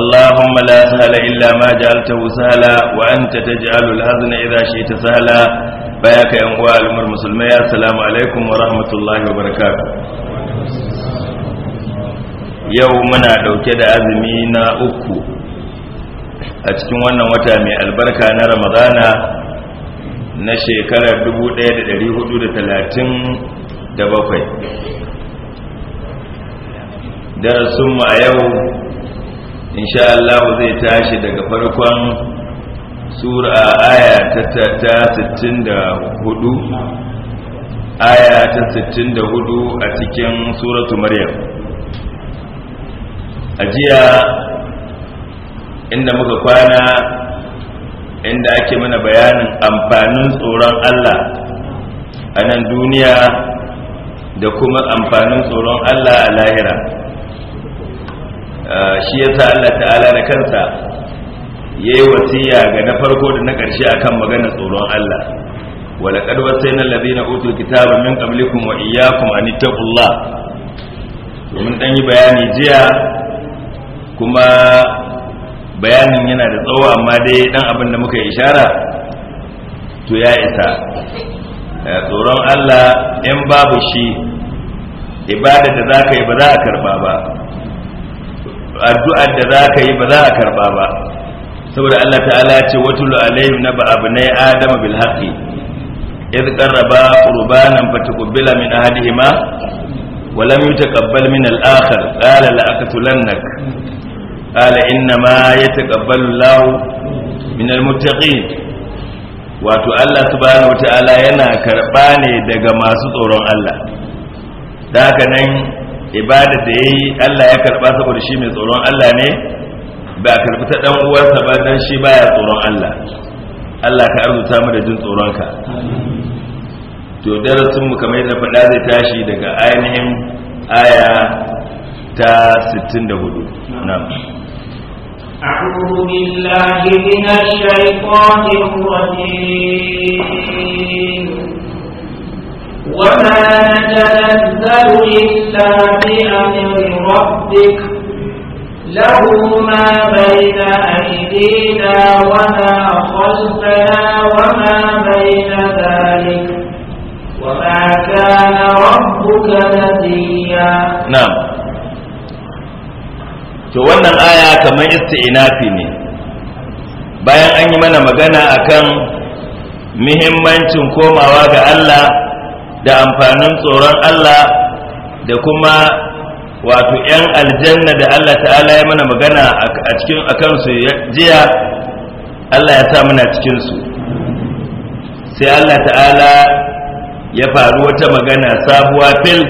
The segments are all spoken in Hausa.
اللهم لا سهل إلا ما جعلته سهلا وأنت تجعل الهزن إذا شئت سهلا بياك يا أمواء المسلمين السلام عليكم ورحمة الله وبركاته يومنا لو كده أزمينا أكو أتكون وتامي البركة أنا رمضانا na shekarar 1437 darasinmu a yau insha Allah zai tashi daga farkon sura aya ta 64 aya ta 64 a cikin suratu maryam ajiya inda muka kwana inda ake mana bayanin amfanin tsoron Allah a nan duniya da kuma amfanin tsoron Allah a lahira Ah, shi yasa Allah ta'ala da kansa yayi wasiya ga na farko da na ƙarshe kan magana tsoron Allah na وصينا na اوتوا kitabu min قبلكم wa ان اتقوا الله domin dan yi bayani jiya kuma bayanin yana da tsawo amma dai dan abin da muka ishara to ya isa eh, tsoron Allah in babu shi ibada da za ka yi ba za a karɓa ba addu'ar da za ka yi ba za a karba ba saboda Allah ta'ala ce wata alaihim na ba abu na ya adama bil haqqi idh qarraba qurbanan fatuqbila min ahadihima wa lam yutaqabbal min al akhar qala la aqtulannak qala inna ma yataqabbalu Allah min al muttaqin wato Allah subhanahu wa ta'ala yana karba ne daga masu tsoron Allah da haka nan ibada da yayi Allah ya karba saboda shi mai tsoron Allah ne ba karbi ta dan uwarsa ba dan shi baya tsoron Allah Allah ka arzuta mu da jin tsoron ka to darasin mu kamar yadda faɗa zai tashi daga ainihin aya ta 64 na'am أعوذ بالله من الشيطان الرجيم وما نتنزل إلا بأمر ربك له ما بين أيدينا وما خلفنا وما بين ذلك وما كان ربك نسيا نعم to wannan aya kamar isti'inafi ne bayan an yi mana magana akan muhimmancin komawa ga Allah da amfanin tsoron Allah da kuma wato 'yan aljanna da Allah ta'ala ya mana magana a cikin akan su jiya Allah ya sa muna cikin sai Allah ta'ala ya faru wata magana sabuwa fil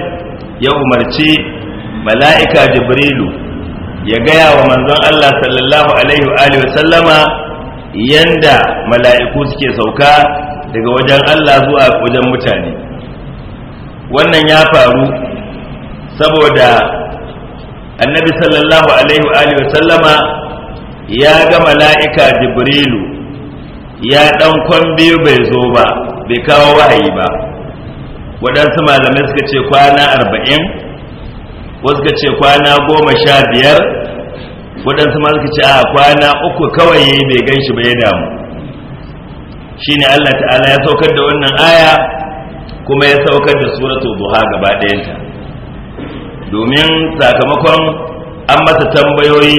ya umarci mala'ika jibrilu ya gaya wa manzon Allah sallallahu alaihi wa alihi sallama yanda mala'iku suke sauka daga wajen Allah zuwa wajen mutane wannan ya faru saboda annabi sallallahu alaihi wa sallama ya ga mala'ika jibrilu ya ɗan kwan biyu bai zo ba bai kawo wahayi ba waɗansu malamai suka ce kwana arba'in wasu suka ce kwana goma sha biyar waɗansu ma suka ce a kwana uku kawai bai gan shi ba ya damu shi ne allah ta'ala ya saukar da wannan aya kuma ya saukar da suratu duha gaba ɗayanta domin sakamakon an masa tambayoyi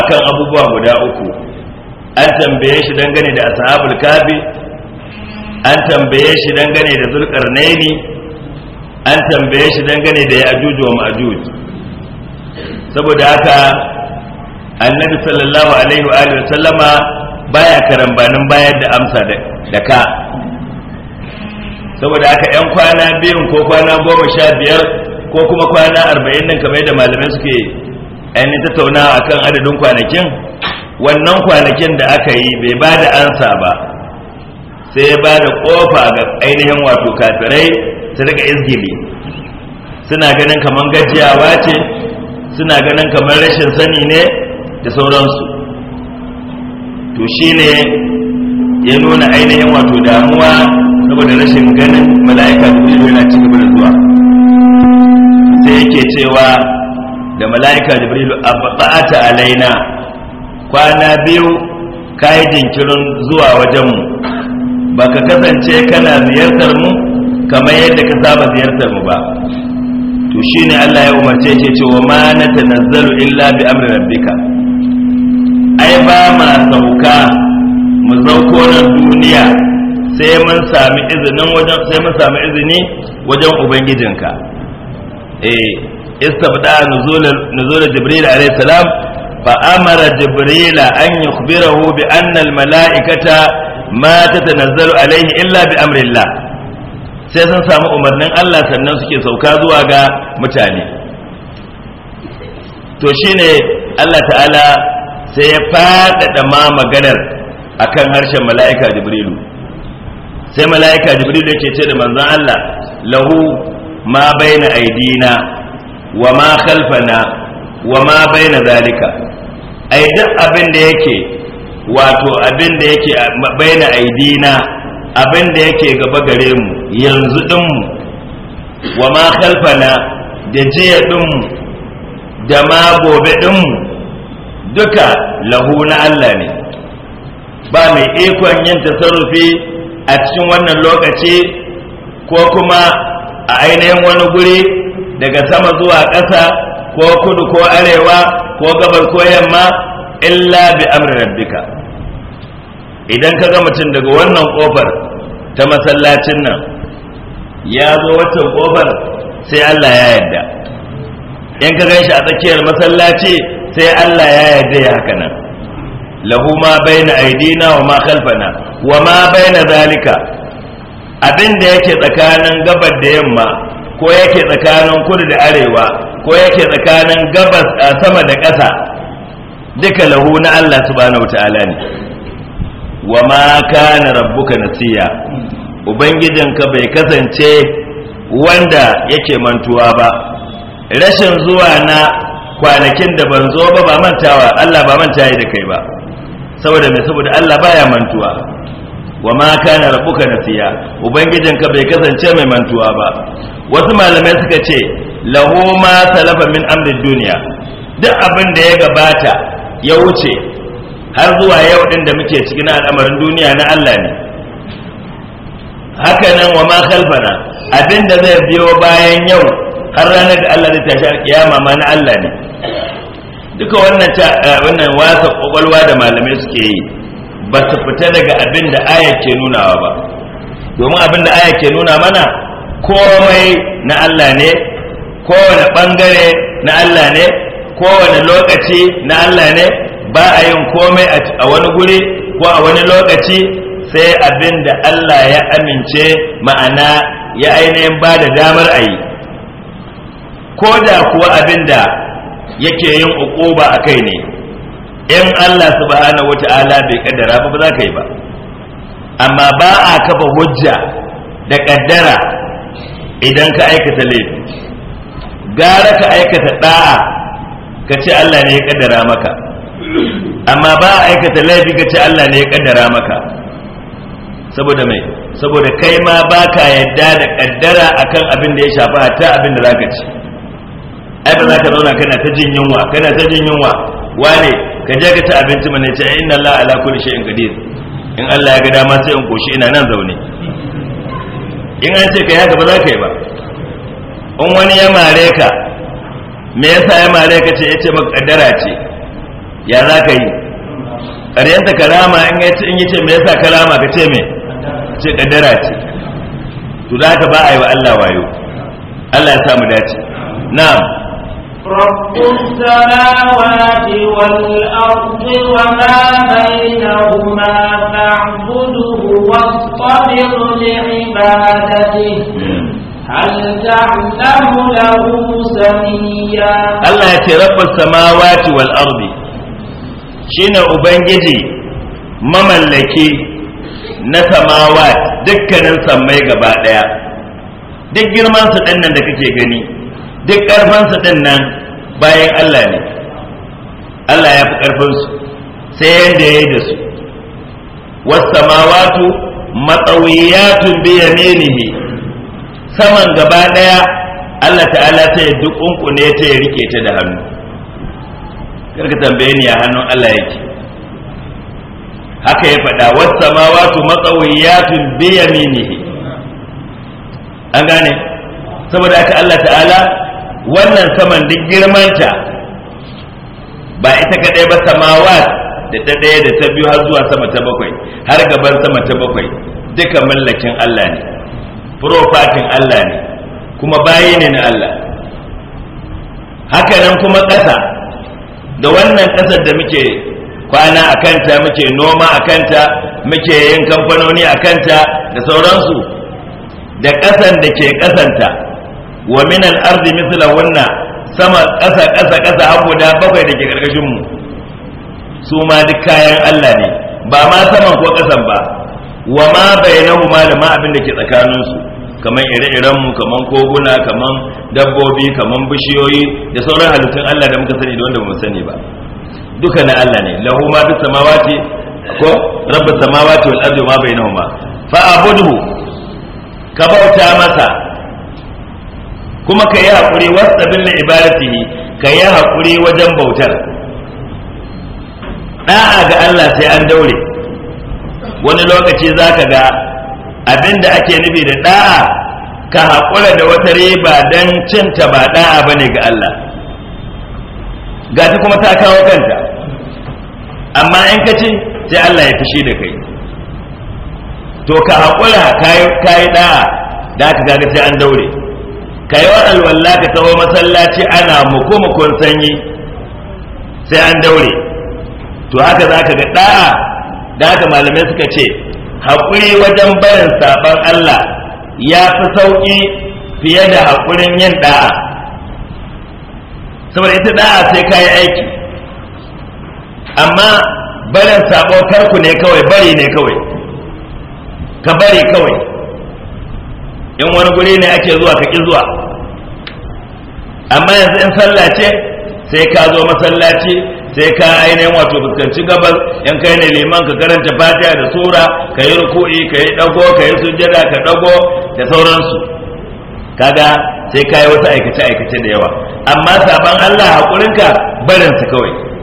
akan abubuwa guda uku an tambaye shi dangane da ashabul Kabi, an tambaye shi dangane da zulkarnaini an tambaye shi dangane da ya'juj wa ma'juj saboda haka annabi sallallahu alaihi wa alihi wa sallama baya karambanin bayar da amsa da ka saboda haka yan kwana biyun ko kwana goma sha biyar ko kuma kwana arba'in nan kamar yadda malamai suke ainihin tattauna a kan adadin kwanakin wannan kwanakin da aka yi bai ba da ansa ba sai ya ba da ƙofa ga ainihin wato kafirai su rika izgili suna ganin kamar gajiyawa ce suna ganin kamar rashin sani ne da sauransu to shine ya nuna ainihin wato damuwa saboda rashin ganin mala'ika da jibril yana ci gaba da zuwa sai yake cewa da mala'ika jibril abba'ata alaina kwana biyu kayi jinkirin zuwa wajen mu ka kasance kana ziyartar mu kamar yadda ka saba ziyartar mu ba to shine Allah ya umarce shi cewa ma na tanazzalu illa bi amri rabbika ai ba ma sauka mu zauko na duniya sai mun sami izinin wajen sai mun sami izini wajen ubangijinka eh istabda nuzul nuzul jibril alayhi salam fa amara jibril an yukhbirahu bi anna al malaikata ma tatanazzalu alayhi illa bi amrillah sai sun samu umarnin Allah sannan suke sauka zuwa ga mutane to shine Allah ta'ala sai ya faɗaɗa ma maganar akan harshen mala'ika jibrilu sai mala'ika jibril yake ce da manzon Allah lahu ma baina aidina wa ma khalfana wa ma baina zalika ai duk abin da yake wato abin da yake baina aidina abin da yake gaba gare mu yanzu din mu wa ma khalfana da jiya din mu da ma gobe din mu duka lahu na Allah ne ba mai ikon yin tasarrufi a cikin wannan lokaci ko kuma a ainihin wani guri daga sama zuwa ƙasa ko kudu ko arewa ko gabar ko yamma illa bi amrin rabbika idan ka ga mutum daga wannan ƙofar ta masallacin nan ya zo wancan kofar sai Allah ya yarda in ka gan shi a tsakiyar masallaci sai Allah ya yarda ya haka nan lahu ma bayna aidina wa ma khalfana wa ma bayna zalika abin da yake tsakanin gabar da yamma ko yake tsakanin kudu da arewa ko yake tsakanin gabas a sama da ƙasa duka lahu na Allah subhanahu ta'ala ne wa ma kana rabbuka nasiya ubangijinka bai kasance wanda yake mantuwa ba rashin zuwa na kwanakin da ban zo ba ba mantawa Allah ba manta da kai ba saboda mai saboda Allah baya mantuwa wa ma kana rabbuka nasiya ka bai kasance mai mantuwa ba wasu malamai suka ce lahu ma salafa min amrin duniya duk abin da ya gabata ya wuce har zuwa yau din da muke cikin al'amarin duniya na Allah ne haka nan wa ma khalfana abin da zai biyo bayan yau har ranar da Allah zai tashi alkiyama ma na Allah ne duka wannan eh, wannan wasa kwakwalwa da malamai suke yi ba su fita daga abin da aya ke nunawa ba domin abin da aya ke nuna mana komai na Allah ne kowane bangare na Allah ne kowane lokaci na Allah ne ba a yin komai a wani guri ko a wani lokaci sai abin da Allah ya amince ma'ana ya ainihin ba da damar ayi yi ko da kuwa abin da yake yin a kai ne in Allah subhanahu wata'ala bai kaddara ba ba za ka yi ba amma ba a kafa hujja da kaddara idan ka aikata laifi gara ka aikata da'a ka ce Allah ne ya kaddara maka amma ba a aikata laifi ka ce Allah ne ya kaddara maka saboda mai saboda kai ma ba ka yadda da kaddara akan abin da ya shafi hatta abin da za ka ci yadda za ka zauna kana ta jin yunwa kana ta jin yunwa wane ka je ka ci abinci mana ce inna Allah ala kulli shay'in qadir in Allah ya ga dama sai in koshi ina nan zaune in an ce kai haka ba za ka yi ba in wani ya mare ka me yasa ya mare ka ce yace maka kaddara ce ya za ka yi ƙaryanta karama in ya ce in yace me yasa karama ka ce me ce kaddara ce to da ka ba a yi wa Allah wayo Allah ya sa mu dace na'am رب السماوات والأرض وما بينهما فاعبده واصطبر لعبادته Allah ya ce rabbar samawati wal ardi shine ubangiji mamallaki na samawati dukkanin samai gaba ɗaya duk girmansu su da kake gani duk ƙarfansa ɗin nan bayan Allah ne Allah ya fi ƙarfinsu sai yadda ya yi da su wasu mawatu matsawiyatun biya menihi saman gaba ɗaya Allah ta'ala ta yi duk ne ta ya rike ta da hannu karka tambaye ni a hannun Allah yake haka ya faɗa wasu samawatu matsawiyatun biya menihi an gane saboda ta Allah ta'ala wannan saman duk girmanta ba ita kadai ba samawat da ta ɗaya da ta biyu har zuwa sama ta bakwai har gaban sama ta bakwai duka mallakin Allah ne profatin Allah ne kuma bayi ne na Allah haka nan kuma ƙasa da wannan ƙasar da muke kwana a kanta muke noma a kanta muke yin kamfanoni a kanta da sauransu da ƙasan da ke ƙasanta wa min al-ardi wanna sama ƙasa ƙasa ƙasa abu da bakwai da ke ƙarƙashin mu su ma duk kayan Allah ne ba ma saman ko ƙasan ba wa ma ma da ma abin da ke tsakanin su kaman ire-iren mu kaman koguna kaman dabbobi kaman bishiyoyi da sauran halittun Allah da muka sani da wanda bamu sani ba duka na Allah ne lahu ma bis samawati ko rabbus samawati wal ardi ma bainahuma fa abuduhu ka bauta masa kuma ka yi haƙuri wasabil ibadati ibadatihi ka yi haƙuri wajen bautar da'a ga Allah sai an daure wani lokaci zaka ga abinda ake nufi da da'a ka haƙura da wata riba don cinta ba da'a bane ga Allah gata kuma ta kawo kanta amma in ka ci sai Allah ya fushi da kai to ka haƙura ka yi da'a da ka gaga sai an daure ka yi alwalla ka taho masallaci ana mukumukun sanyi sai an daure to haka za ka ga ɗa'a da haka malamai suka ce haƙuri wajen barin saban Allah ya fi sauƙi fiye da haƙurin yin ɗa'a saboda ita ɗa'a sai ka yi aiki amma barin saɓo karku ne kawai bari ne kawai ka bari kawai in wani guri ne ake zuwa ka ki zuwa amma yanzu in sallah ce sai ka zo masallaci sai ka ainihin wato fuskanci gabas in kai ne liman ka karanta fatiha da sura ka yi ruku'i ka yi dago ka yi sujjada ka dago da sauransu kaga sai ka yi wasu aikace aikace da yawa amma saban Allah hakurinka barinsa kawai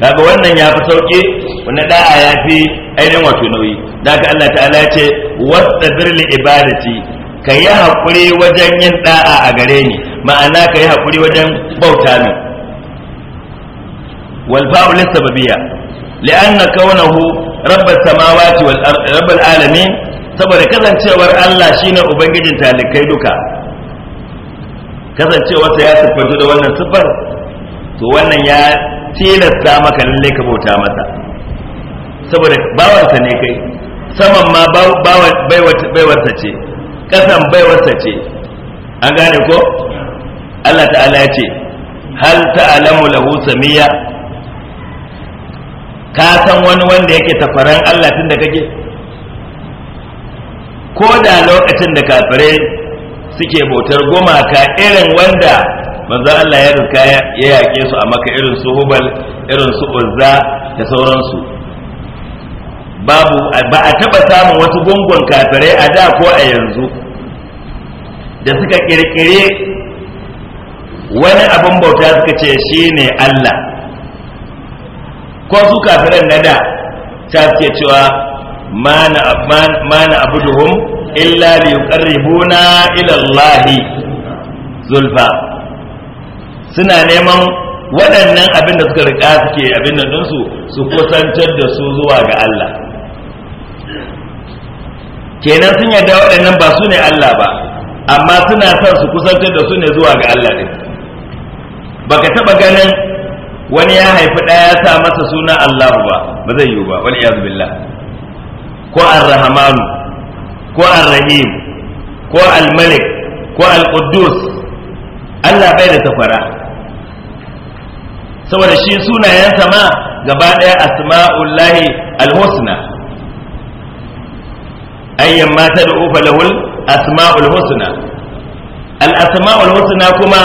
kaga wannan ya fi sauƙi wani da'a ya fi ainihin wato nauyi da ka Allah ta'ala ya ce wastabir birni ibadati ka yi haƙuri wajen yin da'a a gare ni ma'ana ka yi haƙuri wajen bauta ne. wal li'anna kaunahu rabbar samawati saboda kasancewar Allah shine ubangijin talikai duka kasancewarsa ya siffantu da wannan siffar to wannan ya tilasta maka lalle ka bauta masa saboda bawansa ne kai saman ma baiwarsa ce kasan baiwarsa ce an gane ko Allah ta'ala ya ce hal ta'alamu lahu samiya ka san wani wanda yake tafaran Allah tun da kake ko da lokacin da kafirai suke bautar gumaka irin wanda manzo Allah ya riga ya yaƙe su a maka irin su hubal irin su uzza da sauransu babu ba a taɓa samun wasu gungun kafirai a da ko a yanzu da suka ƙirƙire wani abin bauta suka ce shi ne Allah ko su kafiran na da ta suke cewa ma na abuduhum illa liyuqarribuna ila Allahi zulfa suna neman waɗannan abin da suka riƙa suke abin da ɗinsu su kusantar da su zuwa ga Allah kenan sun yarda waɗannan ba su ne Allah ba amma suna son su kusantar da su ne zuwa ga Allah ɗin baka taɓa ganin wani ya haifi ɗaya ya sa masa suna Allah ba ba zai yiwu ba wani ya billah ko ar-rahmanu ko ar-rahim ko al-malik ko al-quddus Allah bai da tafara saboda shi sunayen sama gaba ɗaya asma'ullahi alhusna ayyan ma ta da'u falahul asma'ul husna al asma'ul husna kuma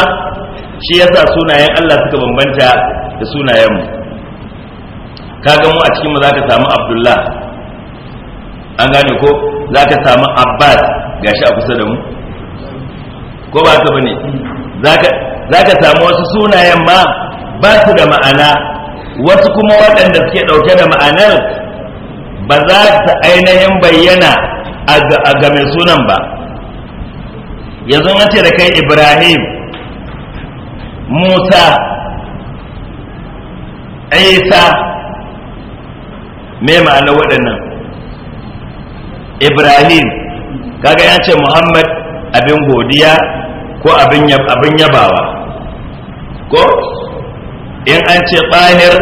shi yasa sunayen Allah suka bambanta da sunayen mu kaga mu a cikin mu zaka samu Abdullah an gane ko zaka samu Abbas gashi a kusa da mu ko ba ka bane zaka zaka samu wasu sunayen ma ba su da ma'ana wasu kuma waɗanda suke ɗauke da ma'anar ba za su ainihin bayyana a game sunan ba yanzu an ce da kai ibrahim musa isa me ma'ana waɗannan ibrahim kaga ya ce muhammad abin godiya ko abin yabawa ko in an ce tsahir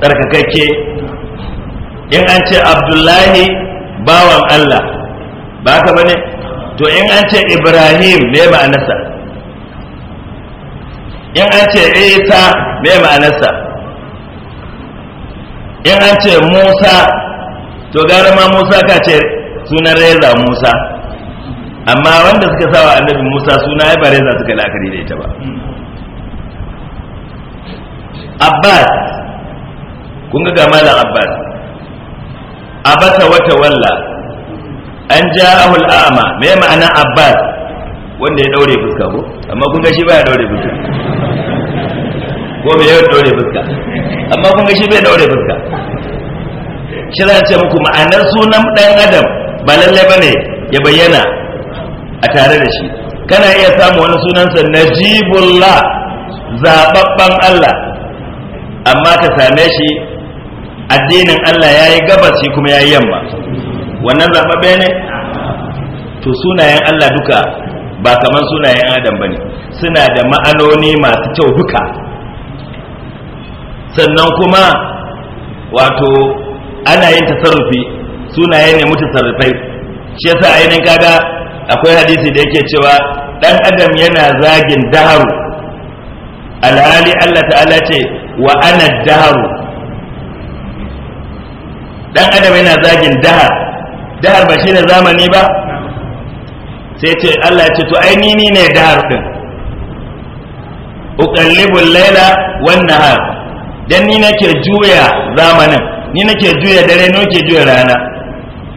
tsarkakakke in an ce abdullahi bawan Allah ba ka bane to in an ce ibrahim me ma'anarsa in an ce isa me ma'anarsa in an ce musa to gara ma musa ka ce sunan reza musa amma wanda suka sawa annabi musa suna ya ba reza suka la'akari da ita ba abbas kun ga malam abbas abata wata walla an ja'ahu ama me ma'ana abbas wanda ya daure fuska ko amma kun ga shi baya daure fuska ko me ya daure fuska amma kun ga shi bai daure fuska shi za ce muku ma'anar sunan dan adam ba lallai bane ya bayyana a tare da shi kana iya samu wani sunansa najibullah zababban Allah amma ta same shi addinin Allah ya yi gabas shi kuma ya yi yamma wannan bai ne to sunayen Allah duka ba kamar sunayen adam ba ne suna da ma'anoni masu kyau duka sannan kuma wato ana yin tasarrufi sunaye ne mutasarrufai shi yasa ainihin kaga akwai hadisi da yake cewa dan adam yana zagin daharu alhali Allah ta'ala ce wa ana daharu dan adam yana zagin dahar dahar ba shine zamani ba sai ce Allah ya ce to ai ni ne dahar din uqallibul laila wan nahar dan ni nake juya zamanin ni nake juya dare ni nake juya rana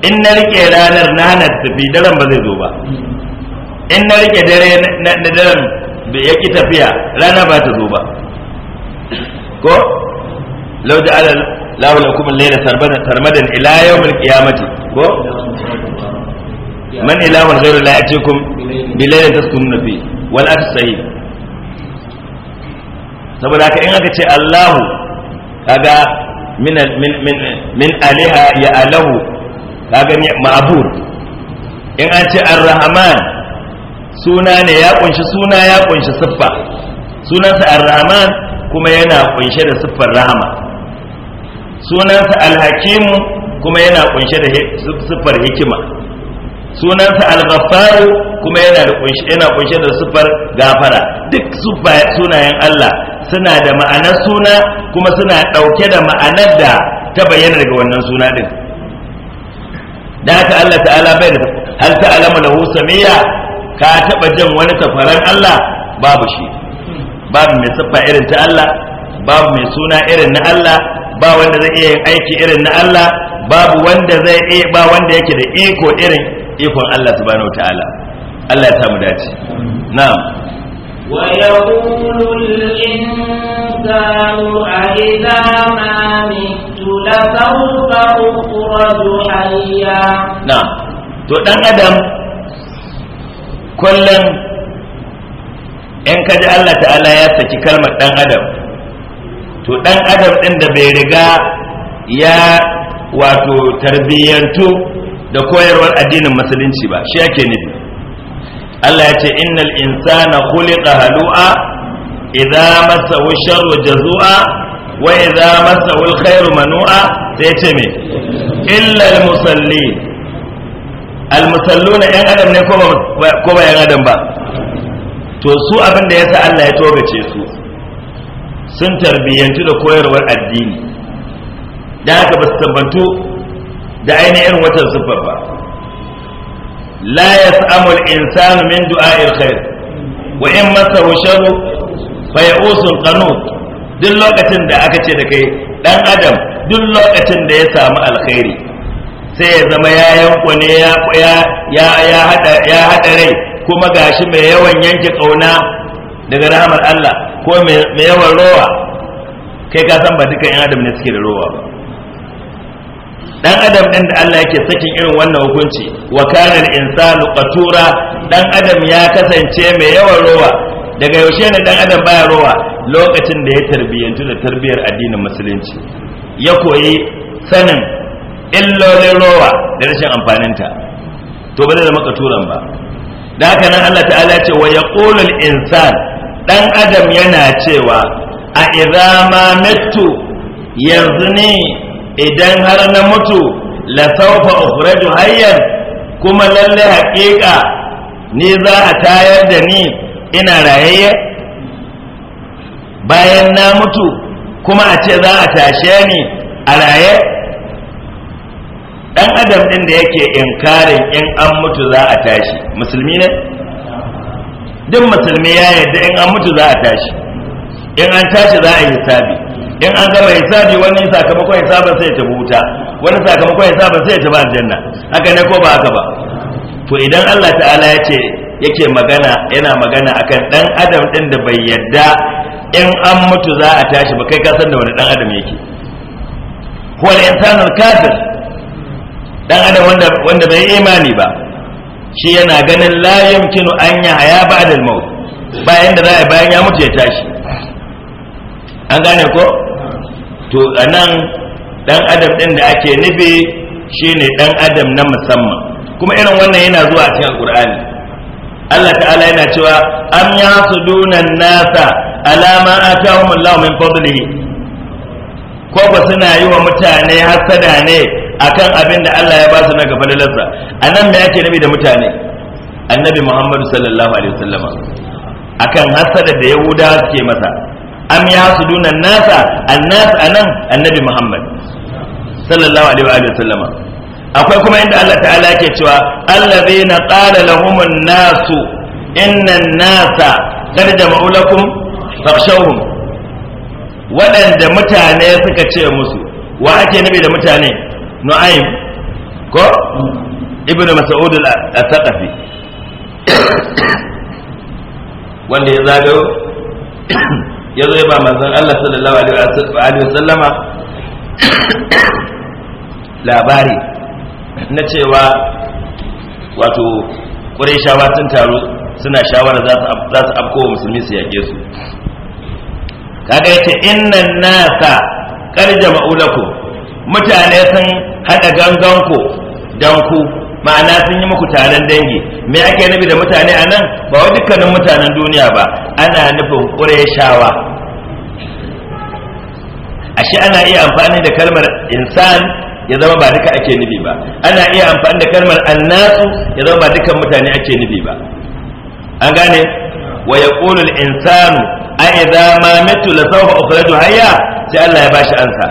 in na rike ranar na hana tafi daren ba zai zo ba in na rike dare na daren ya ki tafiya rana ba ta zo ba ko law ja'ala lahu lakum al-layla sarmadan tarmadan ila yawm al-qiyamati ko man ilahun ghayru la yatikum bi layla taskunu fi wal as-sayyid saboda haka in aka ce Allahu kaga min min min min ya alahu kaga ma'bud in an ce ar-rahman suna ne ya kunshi suna ya kunshi siffa sunansa ar-rahman kuma yana kunshe da siffar rahama sunansa alhakimu kuma yana kunshe da siffar hikima sunansa alghaffaru kuma yana yana kunshe da siffar gafara duk sunayen Allah suna da ma'anar suna kuma suna ɗauke da ma'anar da ta bayyana daga wannan suna din da haka Allah ta'ala bai da hal ta'lamu lahu samia ka taba jin wani tafaran Allah babu shi babu mai siffa irin ta Allah babu mai suna irin na Allah ba wanda zai iya yin aiki irin na Allah babu wanda zai iya ba wanda yake da iko irin ikon Allah subhanahu wataala Allah ya samu dace na'am wa yaqulu al-insanu a idza ma mitu la sawfa ukhraju hayya na'am to dan adam kullum in ka ji Allah ta'ala ya saki kalmar dan adam to dan adam din da bai riga ya wato tarbiyyantu da koyarwar addinin musulunci ba shi yake nufi Allah ya ce innal insana khuliqa halu'a idza massahu sharru jazua wa idza massahu alkhairu manu'a sai ce me illa almusallin almusalluna yan adam ne ko ba yan adam ba to su abin da yasa Allah ya tobace su sun tarbiyyantu da koyarwar addini da haka ba su tabbantu da ainihin watan siffar ba la yas'amul insanu min du'a'il khair wa in masa sharru fa ya'usun qanut duk lokacin da aka ce da kai dan adam duk lokacin da ya samu alkhairi sai ya zama ya yanko ne ya ya ya hada ya hada rai kuma gashi mai yawan yanke kauna daga rahamar Allah ko mai yawan rowa kai ka san ba duka yan adam ne suke da rowa ba dan adam din da Allah yake sakin irin wannan hukunci wa kana al-insanu qatura dan adam ya kasance mai yawan rowa daga yaushe ne dan adam baya rowa lokacin da ya tarbiyantu da tarbiyar addinin musulunci ya koyi sanin illolin rowa da rashin amfaninta to ba da zama katuran ba da haka nan Allah ta'ala ce wa yaqulul insan dan adam yana cewa a idza ma mutu yanzu ne idan har na mutu la sawfa ukhraju hayyan kuma lalle haƙiƙa ni za a tayar da ni ina rayayye bayan na mutu kuma a ce za a tashe ni a raye dan adam din da yake inkarin in an mutu za a tashi musulmi ne duk musulmi ya yarda in an mutu za a tashi in an tashi za a yi hisabi in an gama hisabi wani sakamakon hisabin sai ya tafi wuta wani sakamakon hisabin sai ya tafi aljanna haka ne ko ba haka ba to idan Allah ta'ala ya ce yake magana yana magana akan dan adam din da bai yarda in an mutu za a tashi ba kai ka san da wani dan adam yake huwa al-insanu kafir dan adam wanda wanda bai imani ba shi yana ganin la yumkinu an ya haya ba'da al-maut bayan da za bayan ya mutu ya tashi an gane ko to anan dan adam din da ake nufi shine dan adam na musamman kuma irin wannan yana zuwa cikin alqur'ani Allah ta'ala yana cewa am yasuduna nasa ala ma atahum Allah min fadlihi ko ba suna yi wa mutane hasada ne akan abin da Allah ya ba su na gaba lalarsa a nan da yake nabi da mutane annabi muhammadu sallallahu alaihi wasallama akan hasada da yahuda suke masa am ya duna nasa annas anan annabi muhammad sallallahu alaihi wasallama akwai kuma inda Allah ta'ala yake cewa allazina qala lahumun nasu innan nasa qad jama'u lakum fakhshawhum waɗanda mutane suka ce musu wa ake nabi da mutane nu'aym ko ibn mas'ud al-thaqafi wanda ya zado ya zo ba Allah sallallahu alaihi wa sallama labari na cewa wato ƙureshawa sun taru suna shawara za su afkowa musulmi su yake su kaga yace innan nasa karja ma'ulakum mutane sun haɗa ganganku danku ma'ana sun yi muku taron dangi me ake nufi da mutane a nan ba wa dukkanin mutanen duniya ba ana nufin ƙureshawa ashe ana iya amfani da kalmar insan ya zama ba duka ake nufi ba ana iya amfani da kalmar annasu ya zama ba dukkan mutane ake nufi ba an gane wa yaqulul insanu idza ma mitu la sawfa ukhraju hayya sai Allah ya bashi ansa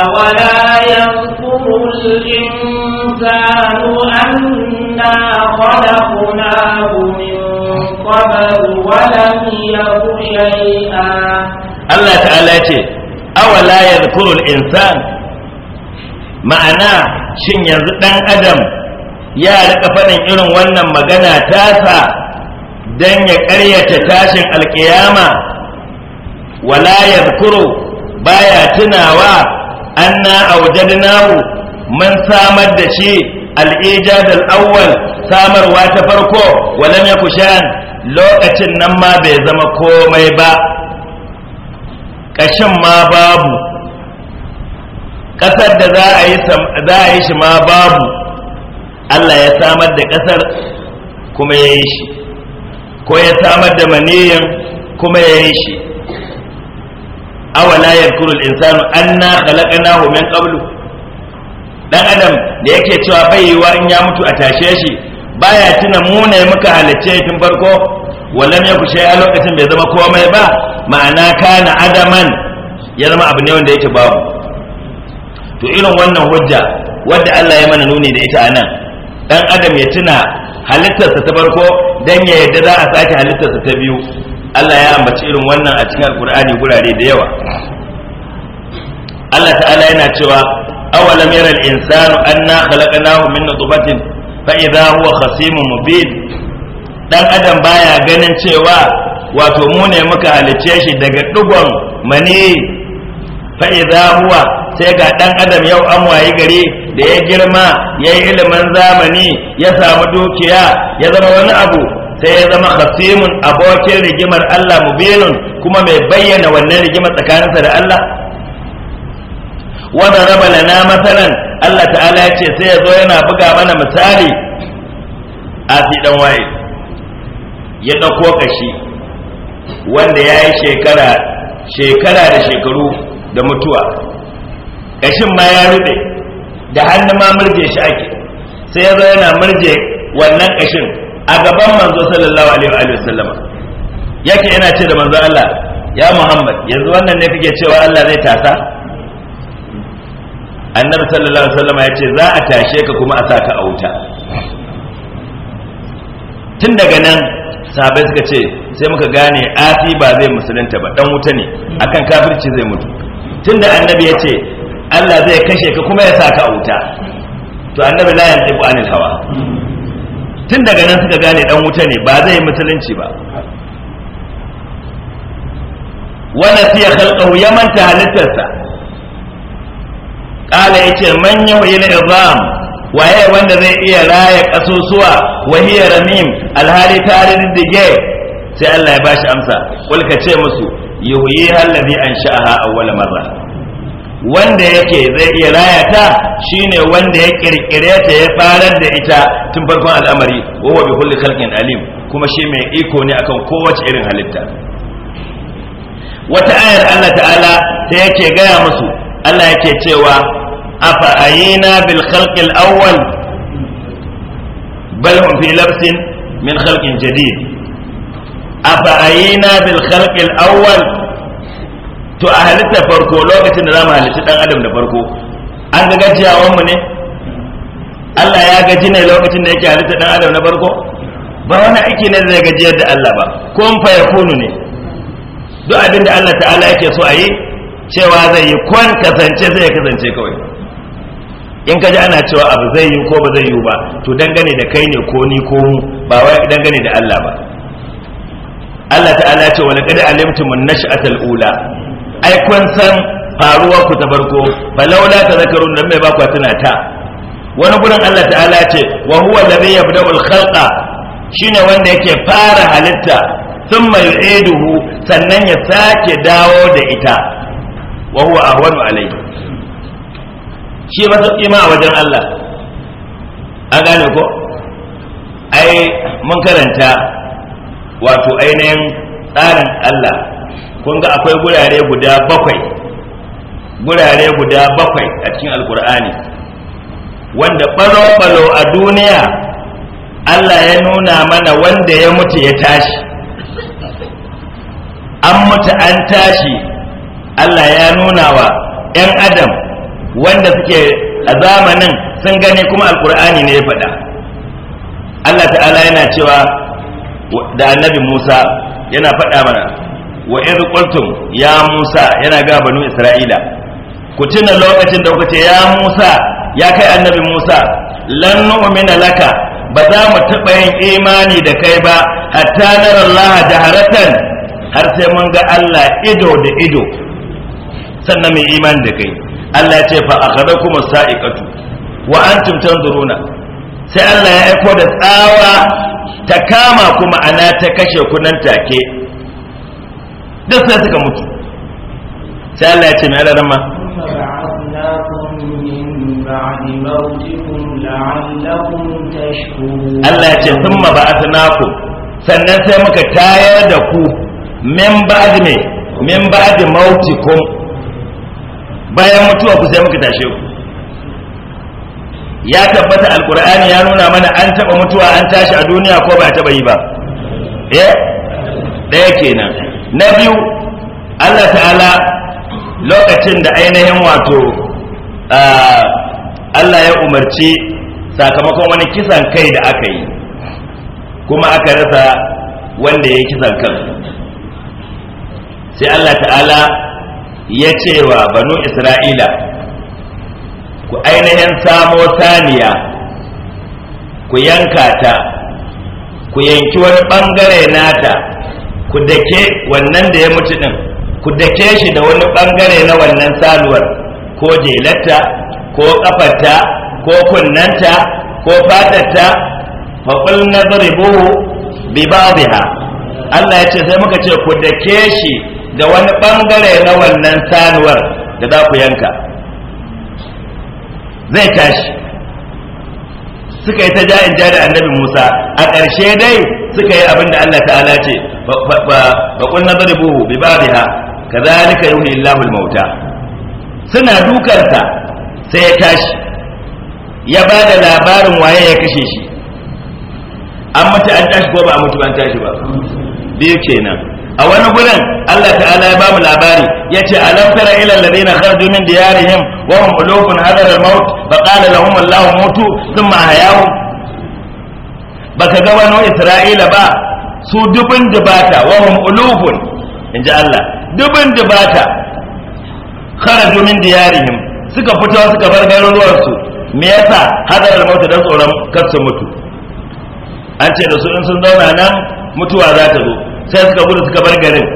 awala yadhkuru al-insanu anna khalaqnahu min qabl wa lam yaku shay'a Allah ta'ala ce awala yadhkuru al-insan ma'ana shin yanzu dan adam ya rika faɗin irin wannan magana tasa don ya ƙaryata tashin alkiyama wala yadhkuru baya tunawa anna awjadnahu man samar da shi al'ija da al samarwa ta farko mai yakushan lokacin nan ma bai zama komai ba kashin ma babu kasar da za a yi za a yi shi ma babu Allah ya samar da kasar kuma ya yi shi ko ya samar da maniyin kuma ya yi shi awala yadhkuru al-insanu anna khalaqnahu min qablu dan adam da yake cewa bai yiwa in ya mutu a tashe shi baya tuna mu muka halacce tun farko wallan ya kushe a lokacin bai zama komai ba ma'ana kana adaman ya zama abu ne wanda yake babu to irin wannan hujja wadda Allah ya mana nuni da ita anan dan adam ya tuna halittarsa ta farko dan ya yarda za a sake halittarsa ta biyu Allah ya ambaci irin wannan a cikin alkur'ani gurare da yawa Allah ta'ala yana cewa awalam yara al-insanu anna khalaqnahu min nutfatin fa idha huwa khasimun mubin dan adam baya ganin cewa wato mu ne muka halice shi daga dugon mani fa idha huwa sai ga dan adam yau an wayi gari da ya girma yayi ilimin zamani ya samu dukiya ya zama wani abu sai ya zama khasimun abokin rigimar Allah mubinun kuma mai bayyana wannan rigimar tsakaninsa da Allah wanda raba lana masalan Allah ta'ala ya ce sai ya zo yana buga mana misali a dan waye ya ɗauko kashi wanda ya yi shekara shekara da shekaru da mutuwa kashin ma ya rube da hannu ma murje shi ake sai ya zo yana murje wannan kashin a gaban manzo sallallahu alaihi wa sallama yake yana ce da manzo Allah ya Muhammad yanzu wannan ne kake cewa Allah zai tasa annabi sallallahu alaihi wasallama ya ce za a tashe ka kuma a saka a wuta tun daga nan sahabai suka ce sai muka gane asi ba zai musulunta ba dan wuta ne akan kafirci zai mutu tun da annabi ya ce Allah zai kashe ka kuma ya saka a wuta to annabi la yanzu anil hawa tun daga nan suka gane dan wuta ne ba zai yi musulunci ba wanda siya khalqahu ya manta halittarsa kala yace man yawil izam waye wanda zai iya raya kasusuwa wa hiya ramim alhali ta dige sai Allah ya bashi amsa kul ka ce musu yuhyi allazi ansha'aha awwala marra wanda yake zai iya raya ta shine wanda ya kirkire ta ya farar da ita tun farkon al'amari wa huwa bi kulli khalqin alim kuma shi mai iko ne akan kowace irin halitta wata ayar Allah ta'ala ta yake gaya musu Allah yake cewa afa ayina bil khalqil awwal bal hum fi labsin min khalqin jadid afa ayina bil khalqil awwal to a halittar farko lokacin da za mu halitta dan adam da farko an ga gajiyawan mu ne Allah ya gaji ne lokacin da yake halitta dan adam na farko ba wani aiki ne zai gajiyar da Allah ba kun fa yakunu ne duk abin da Allah ta'ala yake so a yi cewa zai yi kwan kasance zai kasance kawai in ka ji ana cewa abu zai yi ko ba zai yi ba to dangane da kai ne ko ni ko mu ba wai dangane da Allah ba Allah ta'ala ce wa laqad alimtumun nash'atal ula ai kun san faruwar ku ta farko falaula zakaru nan mai ba ku ta wani gurin Allah ta'ala ce wa huwa alladhi yabda'ul khalqa shine wanda yake fara halitta thumma yu'iduhu sannan ya sake dawo da ita wa huwa ahwanu alayhi shi ba ma wajen Allah an gane ko ai mun karanta wato ainihin tsarin Allah kun ga akwai gurare guda bakwai gurare guda bakwai a cikin alkur'ani wanda balo-balo a duniya allah ya nuna mana wanda ya mutu ya tashi an mutu an tashi allah ya nuna wa 'yan adam wanda suke a zamanin sun gani kuma alkur'ani ne ya faɗa allah ta'ala yana cewa da annabi musa yana faɗa mana wa idh qultum ya Musa yana ga banu Isra'ila ku tuna lokacin da kuke ya Musa ya kai annabi Musa lan nu'mina laka ba za mu taba yin imani da kai ba hatta nara Allah jaharatan har sai mun ga Allah ido da ido sannan mai imani da kai Allah ya ce fa akhadakum sa'iqatu wa antum tanzuruna sai Allah ya aiko da tsawa ta kama kuma ana ta kashe kunan take gaskiya suka mutu sai Allah ya ce mai alaran ma Allah ya ce sun suna ku sannan sai muka tayar da ku min ba'd me min mauti mautikum bayan mutuwa ku sai muka tashe ku ya tabbata alkur'ani ya nuna mana an taba mutuwa an tashi a duniya ko ba taba yi ba eh daya kenan na biyu Allah ta'ala lokacin da ainihin wato Allah ya umarci sakamakon wani kisan kai da aka yi kuma aka rasa wanda ya yi kisan kan sai Allah ta'ala ya ce wa banu isra'ila ku ainihin samo saniya ku yanka ta ku yanki wani ɓangare nata ku dake wannan da ya mutu din ku dake shi da wani bangare na wannan saluwar ko jelarta ko kafarta ko kunnanta ko fatarta fa qul nadribuhu bi ba'dha Allah ya ce sai muka ce ku dake shi da wani bangare na wannan saluwar da za ku yanka zai tashi suka yi ta ja'in ja da annabi Musa a ƙarshe dai suka yi abin da Allah ta'ala ce fa nazari nadribuhu bi ba'dha kadhalika yuhyi Allahu al-mauta suna dukarta sai ya tashi ya ba da labarin waye ya kashe shi an mutu an tashi ko ba mutu ba an tashi ba biyu kenan a wani gurin Allah ta'ala ya ba mu labari ya ce alam tara ila alladhina kharaju min diyarihim wa hum ulufun hadar al-maut fa qala lahum Allah mutu thumma hayahum baka ga wani isra'ila ba su dubin dubata wa hum ulufun inji Allah dubin dubata kharaju min diyarihim suka fito suka bar garuruwar su me yasa hadar mautu dan tsoron kar su mutu an ce da su in sun zauna nan mutuwa za ta zo sai suka gudu suka bar garin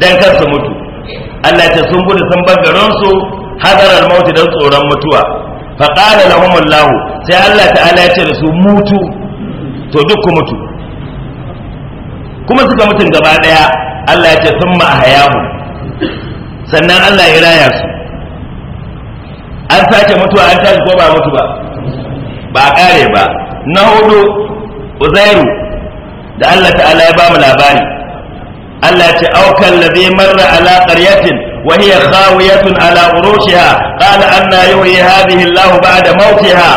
dan kar su mutu Allah ce sun gudu sun bar garin su hadar mautu dan tsoron mutuwa faqala lahum Allah sai Allah ta'ala ya ce da su mutu to duk ku mutu kuma suka mutun gaba daya Allah ya ce sun hayahu sannan Allah ya raya su an sace mutuwa an tashi ko ba mutu ba ba kare ba na hudu uzairu da Allah ta'ala ya ba mu labari Allah ya ce aukan ladhi marra ala qaryatin وهي خاوية على عروشها قال أن يحيي هذه الله بعد موتها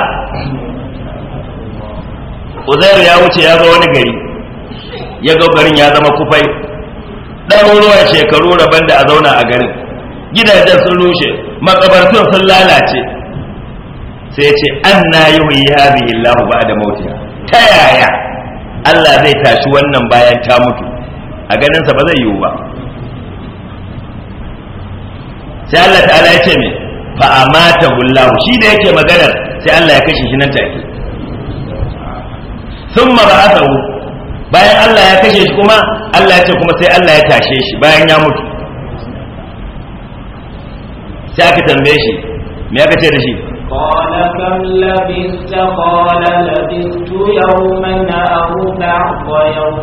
uzair ya wuce ya zo wani gari ya ga garin ya zama kufai ruwa shekaru rabon da a zauna a garin gidajen sun rushe makabartun sun lalace sai ce an na yi Allah ba da mautiya ta yaya Allah zai tashi wannan bayan ta mutu a ganinsa ba zai yiwu ba sai Allah ta'ala ya ce mai fa'amata amata shi da yake maganar sai Allah ya kashe shi nan take sun mara'atahu bayan Allah ya kashe shi kuma Allah ya ce kuma sai Allah ya tashe shi bayan ya mutu sai aka tambaye shi me aka ce da shi قال كم لبثت قال لبثت يوما أو بعض يوم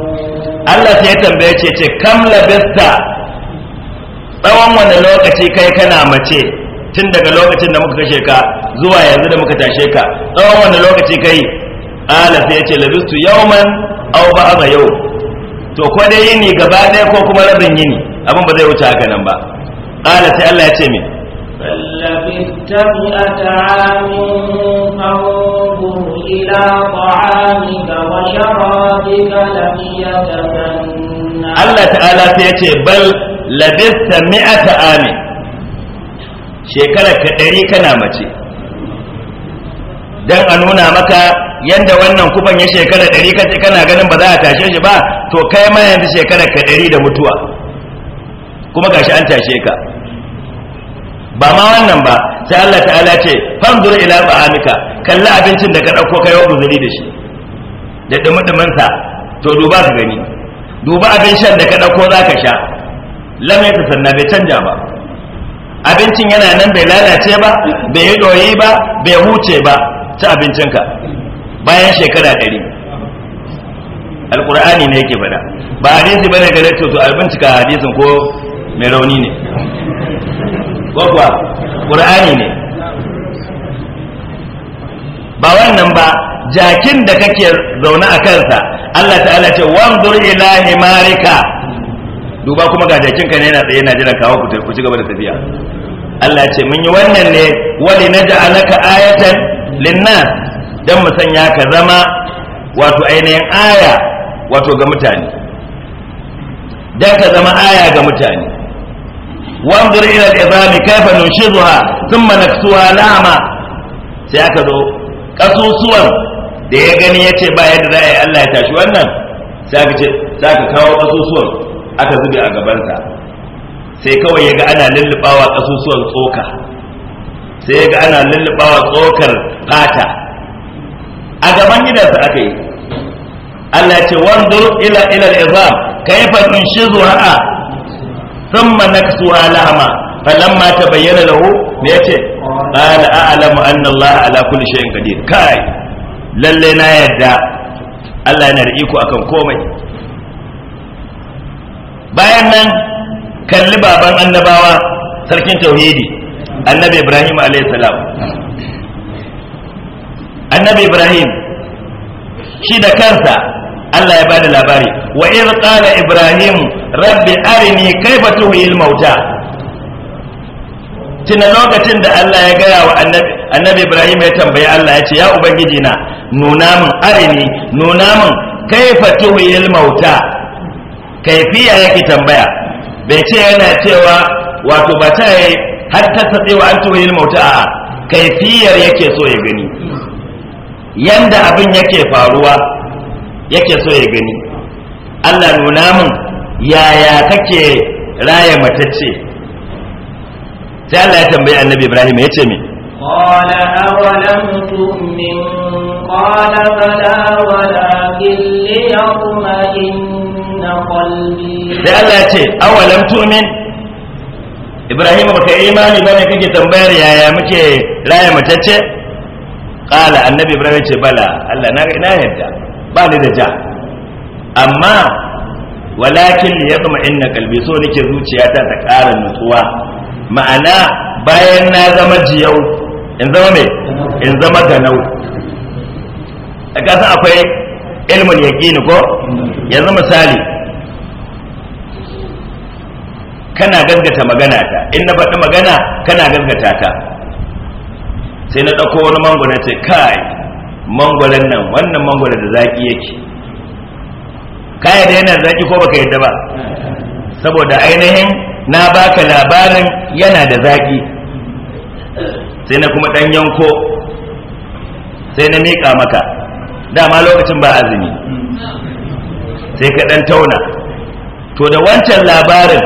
الله سيتنبيه ce كم لبثت tsawon wani lokaci kai kana mace tun daga lokacin da muka kashe ka zuwa yanzu da muka tashe ka tsawon wani lokaci kai qala ya yace labistu yawman aw ba'da yau to ko dai yini gaba ɗaya ko kuma rabin yini abin ba zai wuce haka nan ba qala sai Allah ya ce min فلبثت Ta'ala عام فانظر Bal طعامك وشرابك لم يتسنى الله تعالى سيأتي shekara ka ɗari kana mace don a nuna maka Yadda wannan kufan ya shekara ɗari kana ganin ba za a tashe shi ba to kai ma yanzu shekara ka ɗari da mutuwa kuma gashi an tashe ka ba ma wannan ba sai Allah ta'ala ce fanzur ila ba'amika kalli abincin da ka ɗauko kai wa uzuri da shi da dumudumin sa to duba ka gani duba abin shan da ka ɗauko za ka sha lam ta sanna bai canja ba abincin yana nan bai lalace ba bai yi ɗoyi ba bai huce ba ta abincinka bayan shekara ɗari alƙur'ani ne yake faɗa ba hadisi bane ga latto to albincika hadisin ko mai rauni ne ko kuwa ƙur'ani ne ba wannan ba jakin da kake zaune a kansa Allah ta'ala ce wanzur ila himarika duba kuma ga jakin ka ne yana tsaye yana jira kawo ku ci gaba da tafiya Allah ce mun yi wannan ne wali naj'alaka ayatan linnas don mu sanya ka zama wato ainihin aya wato ga mutane don ka zama aya ga mutane wanzur ila al-izami kaifa nunshizuha thumma naksuha lama sai aka zo kasusuwan da ya gani yace ba yadda za a yi Allah ya tashi wannan sai aka kawo kasusuwan aka zube a gabansa sai kawai ya ga ana lullubawa kasusuwan tsoka sai ya ga ana lullubawa tsokar fata a gaban gidansa aka yi Allah ce wanzu ila ila al-izam kayfa tunshizuha thumma naksuha lahma falamma tabayyana lahu me yace qala a'lamu anna Allah ala kulli shay'in qadir kai lalle na yadda Allah yana da iko akan komai bayan nan kalli baban annabawa sarkin tauhidi annabi Ibrahim alayhi salam annabi ibrahim shi da kansa Allah ya bada labari wa iz qala ibrahim rabbi arini kaifa tuhyil mauta tuna lokacin da Allah ya gaya wa annabi ibrahim ya tambayi Allah ya ce ya ubangiji na nuna min arini nuna min kaifa tuhyil mauta kaifiya yake tambaya bai ce yana cewa wato ba ta yi har ta tsatsewa an tuhyil mauta a kaifiyar yake so ya gani yanda abin yake faruwa yake so ya gani Allah nuna min yaya kake raya matacce sai Allah ya tambayi annabi Ibrahim ya ce me قال أولم تؤمن قال بلى ولكن inna qalbi sai Allah ya ce awalam tu'min Ibrahim baka imani bane kake tambayar yaya muke raya matacce kala annabi ibrahim ya ce bala Allah na ina yadda ba ni da ja amma walakin ya zama inna kalbi so nake zuciyata ta ƙara nutsuwa ma'ana bayan na zama jiyau in zama mai in zama ganau a ƙasa akwai ilmin ne ko yanzu misali kana gaskata magana ta in na faɗi magana kana gaskata ta sai na ɗauko wani mangwala ce kai mangwalen nan wannan mangwala da zaƙi yake kai da yana zaƙi ko baka yadda ba saboda ainihin na baka labarin yana da zaƙi sai na kuma ɗan yanko sai na miƙa maka dama lokacin ba azumi sai ka ɗan tauna to da wancan labarin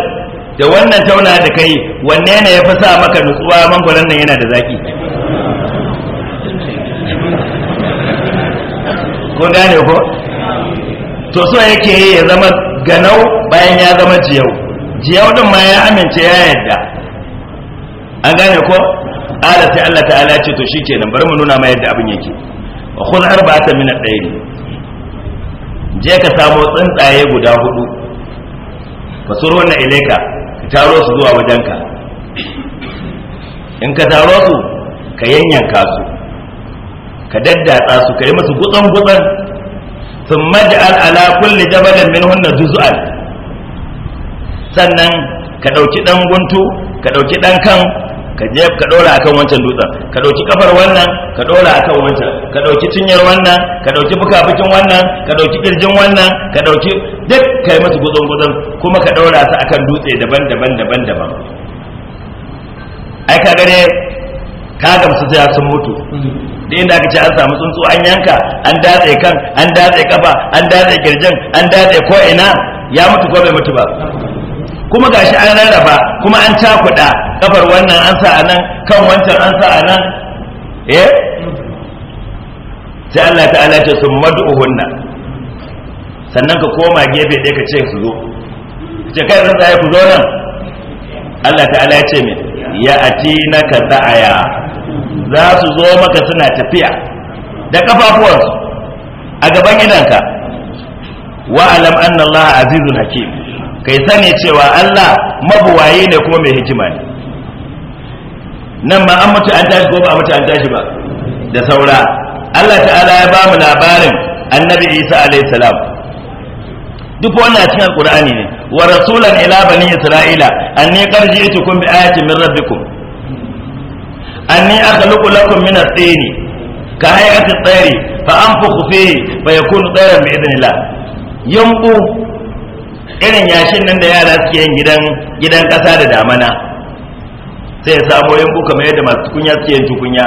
da wannan tauna da kai wanne ne ya fi sa maka nutsuwa mangwalen nan yana da zaƙi kun gane ko to so yake yi ya zama ganau bayan ya zama jiyau jiyau din ma ya amince ya yadda an gane ko ala sai Allah ta'ala ce to shikenan bari mu nuna ma yadda abin yake wa khul arba'ata min al dayr je ka samo tsuntsaye guda hudu suru wannan ilaika ka taro su zuwa wajenka in ka taro su ka yanyanka su ka daddatsa su kai masu gutsan gutsan sun maj'al ala kulli jabalin min hunna juz'an sannan ka ɗauki dan guntu ka ɗauki dan kan ka je ka ɗora akan wancan dutsen ka ɗauki kafar wannan ka ɗora akan wancan ka ɗauki cinyar wannan ka ɗauki bukin wannan ka ɗauki kirjin wannan ka ɗauki duk kai masu gutsun gutsun kuma ka dora su akan dutse daban-daban daban-daban ai ka gane ka gamsu ta sun mutu mm. da inda aka ce an samu tsuntsu an yanka an datse kan an datse kafa an datse kirjin an datse ko ina ya mutu ko bai mutu ba kuma gashi an rarraba kuma an cakuɗa kafar wannan an sa anan kan wancan an sa anan eh Allah ta'ala ce sun mad'uhunna sannan ka koma gefe ɗaya ka ce su zo ce kai zan tsaye ku zo nan Allah ta'ala ya ce mai ka sa'aya za su zo maka suna tafiya da kafafuwansu a gaban idanka wa alam anna Allah azizun hakim kai sani cewa Allah mabuwaye ne kuma mai hikima ne nan ma an mutu an tashi ko ba a mutu an tashi ba da saura Allah ta'ala ya ba mu labarin annabi Isa alaihi salam duk wannan a cikin alqur'ani ne wa rasulan ila bani isra'ila anni qad ji'tukum bi ayatin min rabbikum anni akhluqu lakum min at-tin ka hayati at-tayr fa anfukhu fihi fa yakunu tayran bi idnillah yambu irin yashin nan da yara suke yin gidan gidan kasa da damana sai ya samo yambu kamar yadda masu kunya suke yin tukunya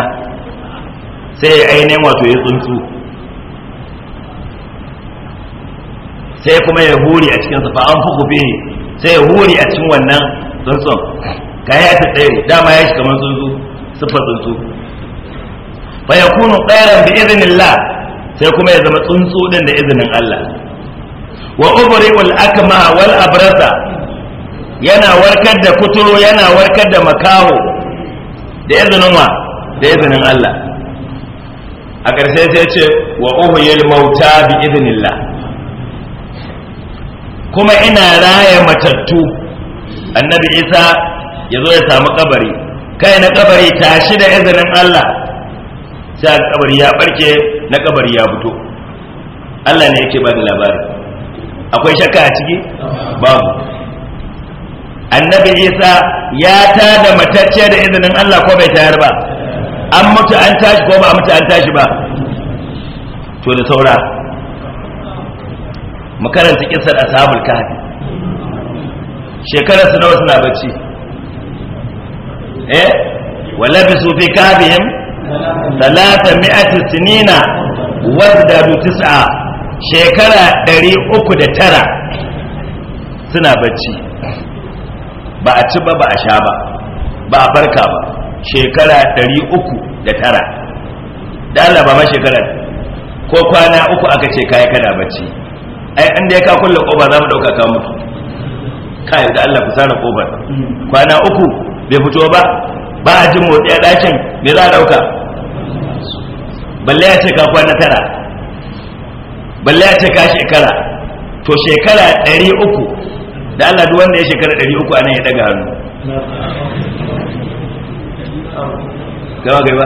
sai ainihin wato ya tsuntsu sai kuma ya huri a cikinsa fa an fuku bihi sai ya huri a cikin wannan tsuntsun ka ya ta tsaye dama ya shi kamar tsuntsu sifar tsuntsu fa ya kunu bi iznillah sai kuma ya zama tsuntsu din da izinin Allah wa ubri wal akma wal abrasa yana warkar da kuturo yana warkar da makaho da izinin wa da izinin Allah a ƙarshe sai ce wa uhyil mauta bi iznillah kuma ina raya matattu annabi isa ya zo ya samu kabari kai na kabari tashi da izinin allah sai kabari ya barke na kabari ya fito allah ne yake bada labari akwai shakka a ciki babu annabi isa ya tada matacce da izinin allah ko bai tayar ba an mutu an tashi ko ba mutu an tashi ba to da saura makaranta kisar ashabul kahfi shekarar su nawa suna bacci eh wala bi su fi kahfihim salata mi'ati sinina wazdadu tis'a shekara 309 suna bacci ba a ci ba ba a sha ba ba a farka ba shekara 309 da Allah ba ma shekarar ko kwana uku aka ce kai kada bacci ai inda ya ka kulle koba za mu dauka ka mutu Ka da Allah ku sare kobar kwana uku bai fito ba ba a jin motsi a dakin me za a dauka balle ya ce ka kwana tara balle ya ce ka shekara to shekara ɗari uku da Allah duk wanda ya shekara ɗari uku a nan ya daga hannu gawa gaba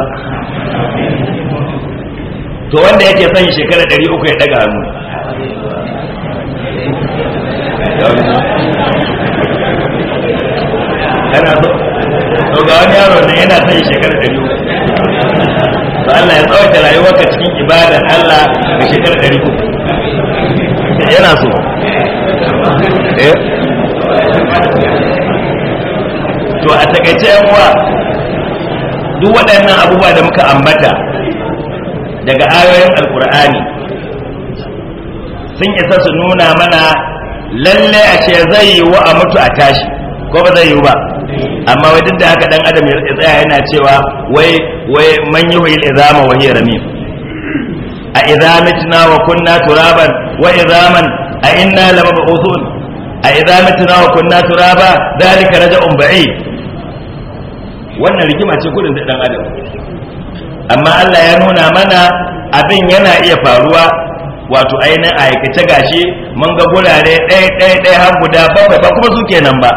to wanda yake son shekara ɗari uku ya daga hannu yana so ga wani yaro ne yana son shekarar ɗari uku to Allah ya tsawaita ka cikin ibadan Allah ga shekarar ɗari uku yana so eh? to a takaice yan uwa duk waɗannan abubuwa da muka ambata daga ayoyin alkur'ani sun isa su nuna mana lalle a ce zai yiwu a mutu a tashi ko ba zai yiwu ba amma wai duk da haka dan adam ya tsaya yana cewa wai wai man yuhi izama wa hiya ramim a izamitna wa kunna turaban wa izaman a inna lamab'uthun a izamitna wa kunna turaba dalika raja'un ba'id wannan rigima ce gudun da dan adam amma Allah ya nuna mana abin yana iya faruwa wato ainihin a aikace gashi mun ga gurare ɗaya ɗaya ɗaya har guda bakwai ba kuma su kenan ba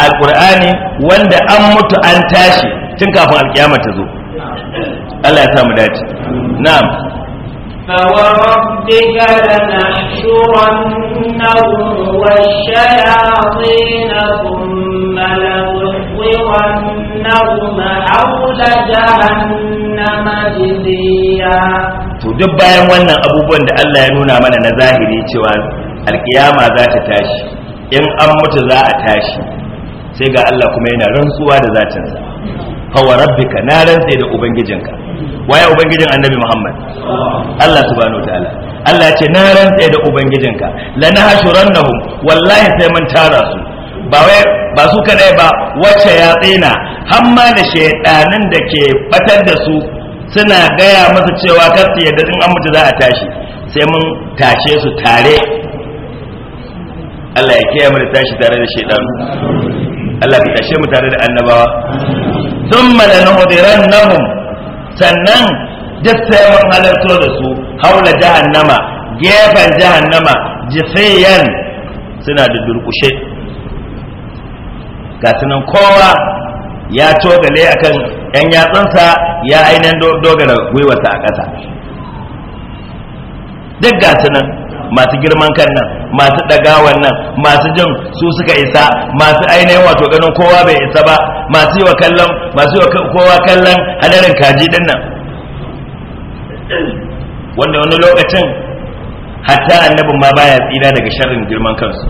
Alƙur'ani wanda an mutu an tashi tun kafin alkiyama ta zo Allah ya sa mu dace na'am فوربك لنحشرنهم والشياطين ثم لنحضرنهم حول جهنم جثيا to duk bayan wannan abubuwan da Allah ya nuna mana na zahiri cewa alkiyama za ta tashi in an mutu za a tashi sai ga Allah kuma yana rantsuwa da zatinsa hawa rabbika na rantsa da ubangijinka waye ubangijin annabi Muhammad Allah subhanahu wataala Allah ya ce na rantsa da ubangijinka lanahshurannahum wallahi sai mun tara su ba wai ba su kadai ba wacce ya tsina hamma da shedanin da ke batar da su suna gaya masa cewa kar yadda in an mutu za a tashi sai mun tashe su tare Allah ya kiyaye mu da tashi tare da shaidan Allah ya tashe mu tare da annabawa thumma lanuhdirannahum sannan duk sai mun halarto da su haula jahannama gefen jahannama jifiyan suna da durkushe ga sunan kowa ya a kan yan yatsansa ya ainihin dogara gwiwarsa a ƙasa duk gasu nan masu girman kan nan masu ɗagawan nan masu jin su suka isa masu ainihin wato ganin kowa bai isa ba masu yi wa kallon masu yi wa kowa kallon hadarin kaji din nan wanda wani lokacin hatta annabin ma baya tsira daga sharrin girman kansu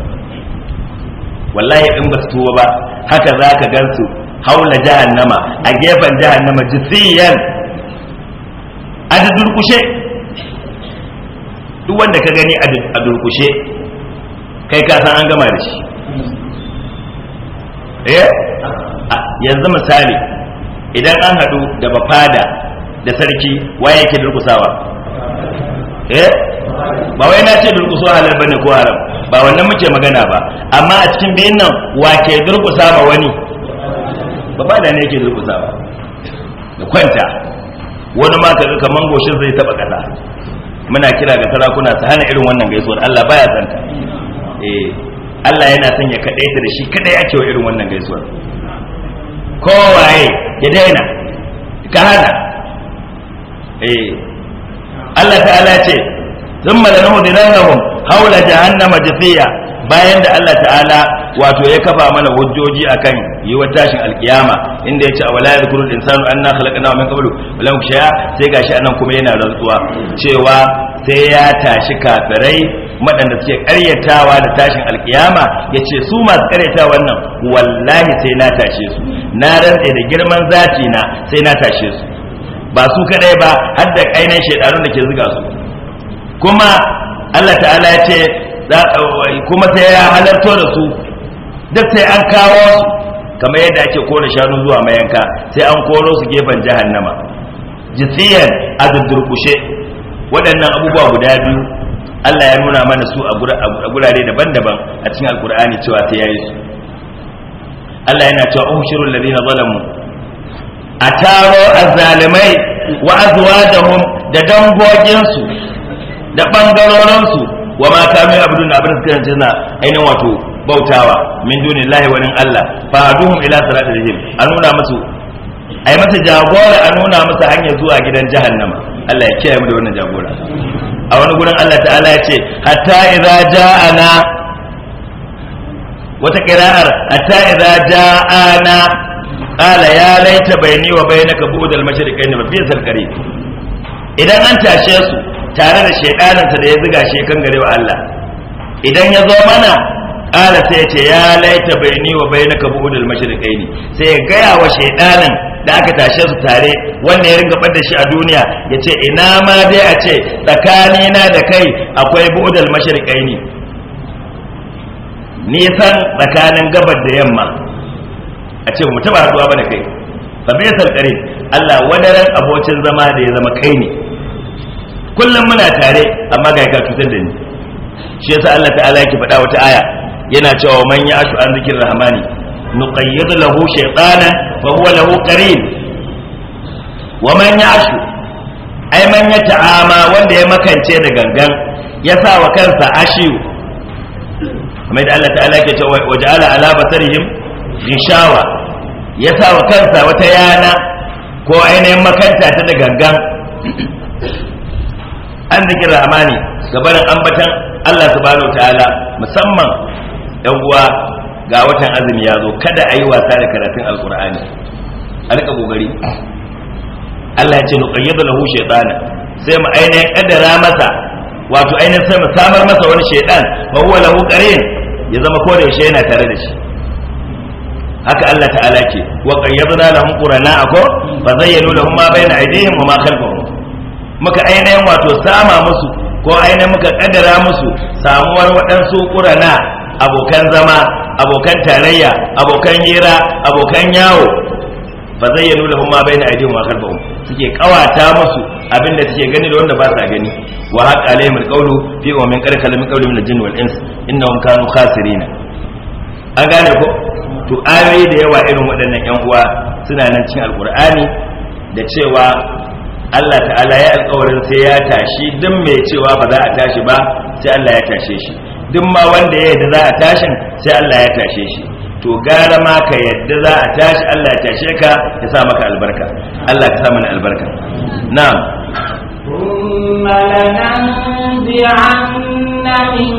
wallahi in ba su tuwa ba haka za ka gansu haula jahannama a gefen jahannama jisiyan a durkushe duk wanda ka gani a durkushe kai ka san an gama da shi eh yanzu misali idan an hadu da bafada da sarki waye yake durkusawa eh ba wai na ce durkusu halar bane ko haram ba wannan muke magana ba amma a cikin biyun nan wa ke durkusa ma wani ba ba da ne yake ba da kwanta wani ma ka mango goshin zai taba kasa muna kira ga sarakuna su hana irin wannan gaisuwar Allah baya santa eh Allah yana son ya kaɗai ta da shi kadai ake wa irin wannan gaisuwar kowaye ya daina ka hana eh Allah ta'ala ce thumma lanahdinahum haula jahannama jafiya bayan da Allah ta'ala wato ya kafa mana hujjoji akan Yi wa tashin alkiyama inda ya ce a wala yadhkuru insanu anna khalaqnahu min qablu wa lam shaya sai ga gashi anan kuma yana rantsuwa cewa sai ya tashi kafirai waɗanda suke karyatawa da tashin alkiyama ya ce su masu karyata wannan wallahi sai na tashe su na rantse da girman zati na sai na tashe su ba su kadai ba har da ainihin shaidanun da ke zuga su kuma Allah ta'ala ya ce kuma sai ya halarto da su duk sai an kawo su kamar yadda ake kona shanu zuwa mayanka sai an koro su gefen jahannama jisiyan a durkushe waɗannan abubuwa guda biyu Allah ya nuna mana su a gurare daban-daban a cikin alkur'ani cewa ta yayi su Allah yana cewa uhshirul ladina zalamu ataro azzalimai wa azwajuhum da dangogin su da bangarorin su wa ma kanu abdun abin suka jina ainihin wato bautawa min dunillahi wani Allah fa aduhum ila salatil rihim A nuna musu yi masa jagora a nuna masa hanya zuwa gidan jahannama Allah ya kiyaye mu da wannan jagora a wani gurin Allah ta'ala ya ce hatta idza ja'ana wata qira'ar hatta idza ja'ana qala ya laita bayni wa bainaka bu'dal mashriqayn wa bisal qareeb idan an tashe su tare da shaidaninsa da ya ziga shi kan garewa Allah idan ya zo mana ala sai ya ce ya laita bai ni wa bai na mashriqaini sai ya gaya wa shaidanin da aka tashe su tare wanda ya ringa bada shi a duniya ya ce ina ma dai a ce tsakanina da kai akwai bu'udul mashriqaini nisan tsakanin gabar da yamma a ce mu taba haɗuwa ba kai fa bai sarkare Allah wadaran abocin zama da ya zama kai ne kullum muna tare amma ga ka cutar da ni shi yasa Allah ta'ala yake faɗa wata aya yana cewa man ya asu an zikir rahmani nuqayyid lahu shaytana fa huwa lahu qarin wa man ya asu ai man ya ta'ama wanda ya makance da gangan ya sa wa kansa ashiyu kamar da Allah ta'ala ke cewa wa ja'ala ala basarihim ghishawa ya sa wa kansa wata yana ko ainihin makanta ta da gangan an zikir rahmani gabanin ambatan Allah subhanahu ta'ala musamman yan uwa ga watan azumi ya zo kada a yi wasa da karatun alkur'ani a rika gogari Allah ya ce nuqayyadu lahu shaytana sai mu ainihin kaddara masa wato ainihin sai mu samar masa wani shaytan fa huwa lahu qarin ya zama ko da yaushe yana tare da shi haka Allah ta'ala ce wa qayyadna lahum qurana ako fa zayyanu lahum ma bayna aydihim wa ma khalfahum muka ainihin wato sama musu ko ainihin muka kaddara musu samuwar waɗansu qurana abokan zama abokan tarayya abokan hira abokan yawo ba zai yi nuna ma bai na wa kalbahum suke kawata musu abin da suke gani da wanda ba sa gani wa haqa alaihim alqawlu fi wa min qarqal min qawli min al wal ins innahum kanu khasirina an gane ko to ayoyi da yawa irin waɗannan yan uwa suna nan cikin alqur'ani da cewa Allah ta'ala ya alƙawarin sai ya tashi dan mai cewa ba za a tashi ba sai Allah ya tashe shi duk ma wanda ya yadda za a tashin sai Allah ya tashe shi to gara ma ka yadda za a tashi Allah ya tashe ka ya sa maka albarka Allah ka sa mana albarka na'am thumma lananzi'anna min